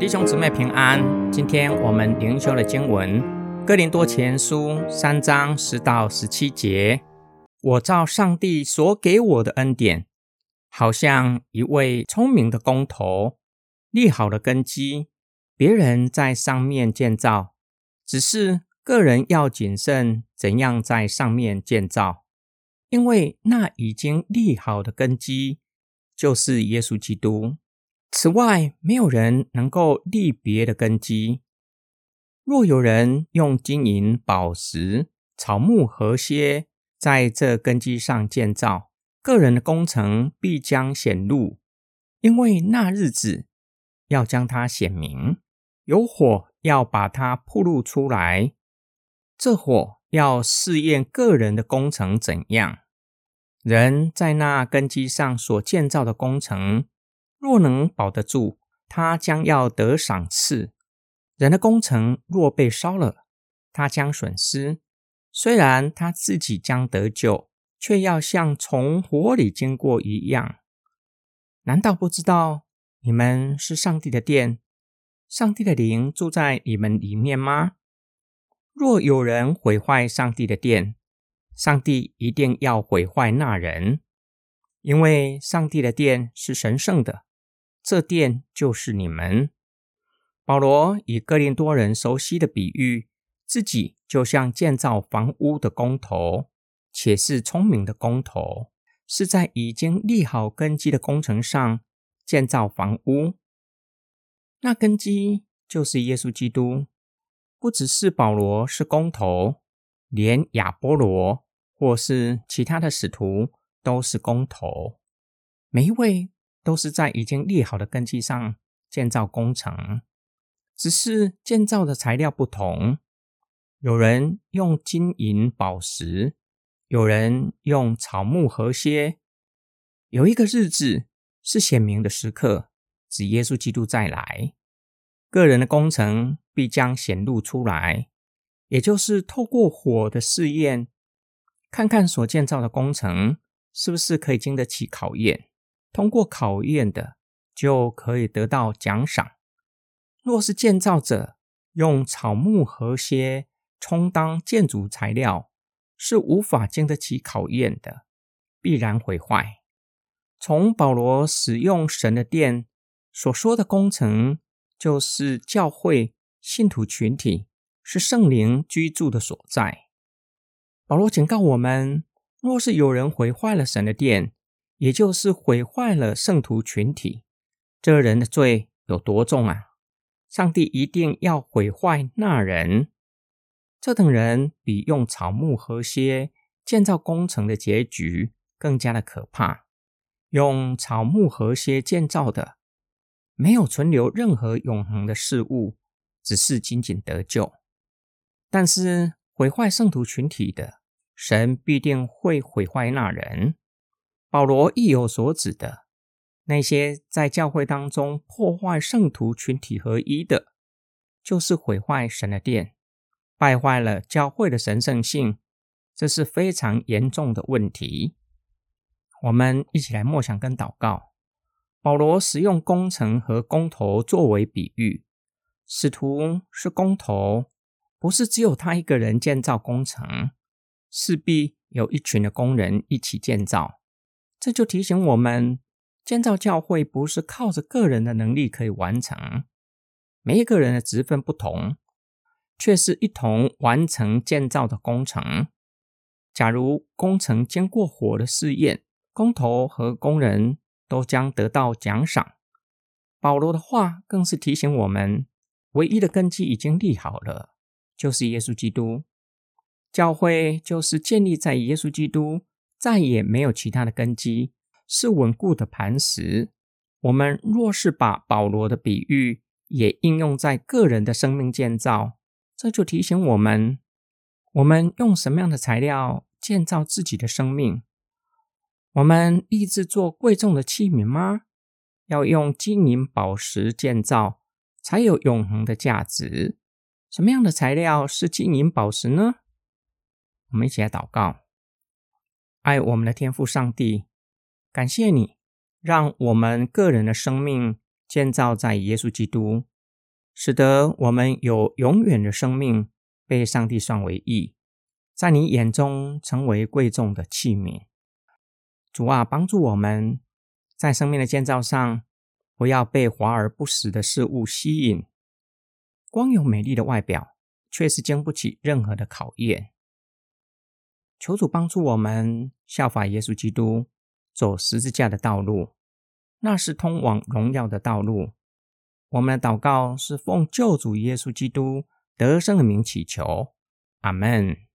弟兄姊妹平安，今天我們靈修的經文《哥林多前書》三章十到十七節。我照上帝所給我的恩典，好像一位聰明的工頭，立好了根基，別人在上面建造，只是各人要謹慎怎樣在上面建造，因為那已經立好的根基就是耶穌基督。此外，沒有人能夠立別的根基。若有人用金銀、寶石、草木禾秸，在這根基上建造，個人的工程必將顯露，因為那日子要將它顯明，有火要把它曝露出來。這火要試驗個人的工程怎樣。人在那根基上所建造的工程。若能保得住，他將要得賞賜；人的工程若被燒了，他將損失。雖然他自己將得救，卻要像從火裡經過一樣。難道不知道你們是上帝的殿，上帝的靈住在你們裡面嗎？若有人毀壞上帝的殿，上帝一定要毀壞那人，因為上帝的殿是神聖的。這殿就是你們。保羅以哥林多人熟悉的比喻，自己就像建造房屋的工頭，且是聰明的工頭，是在已經立好根基的工程上建造房屋。那根基就是耶穌基督。不只是保羅是工頭，連亞波羅或是其他的使徒都是工頭，每一位。都是在已經立好的根基上建造工程，只是建造的材料不同。有人用金銀寶石，有人用草木禾秸。有一個日子是顯明的時刻，指耶穌基督再來，個人的工程必將顯露出來，也就是透過火的試驗，看看所建造的工程是不是可以經得起考驗。通過考驗的，就可以得到獎賞。若是建造者用草木禾秸充當建築材料，是無法經得起考驗的，必然毀壞。從保羅使用神的殿所說的工程，就是教會信徒群體是聖靈居住的所在。保羅警告我們，若是有人毀壞了神的殿。也就是毀壞了聖徒群體，這人的罪有多重啊？上帝一定要毀壞那人。這等人比用草木禾秸建造工程的結局更加的可怕。用草木禾秸建造的，沒有存留任何永恆的事物，只是僅僅得救。但是毀壞聖徒群體的，神必定會毀壞那人。保羅意有所指的那些在教會當中破壞聖徒群體合一的，就是毀壞神的殿，敗壞了教會的神聖性，這是非常嚴重的問題。我們一起來默想跟禱告。保羅使用工程和工頭作為比喻，使徒是工頭，不是只有他一個人建造工程，勢必有一群的工人一起建造。這就提醒我們，建造教會不是靠着個人的能力可以完成。每一個人的職分不同，卻是一同完成建造的工程。假如工程經過火的試驗，工頭和工人都將得到獎賞。保羅的話更是提醒我們，唯一的根基已經立好了，就是耶穌基督。教會就是建立在耶穌基督。再也沒有其他的根基，是穩固的磐石。我們若是把保羅的比喻也應用在個人的生命建造，這就提醒我們：我們用什麼樣的材料建造自己的生命？我們立志做貴重的器皿嗎？要用金銀寶石建造，才有永恆的價值。什麼樣的材料是金銀寶石呢？我們一起來禱告。愛我們的天父上帝，感謝你，讓我們個人的生命建造在耶穌基督，使得我們有永遠的生命，被上帝算為義，在你眼中成為貴重的器皿。主啊，幫助我們，在生命的建造上，不要被華而不實的事物吸引。光有美麗的外表，卻是經不起任何的考驗。求主幫助我們效法耶穌基督，走十字架的道路，那是通往榮耀的道路。我們的禱告是奉救主耶穌基督得勝的名祈求，阿門。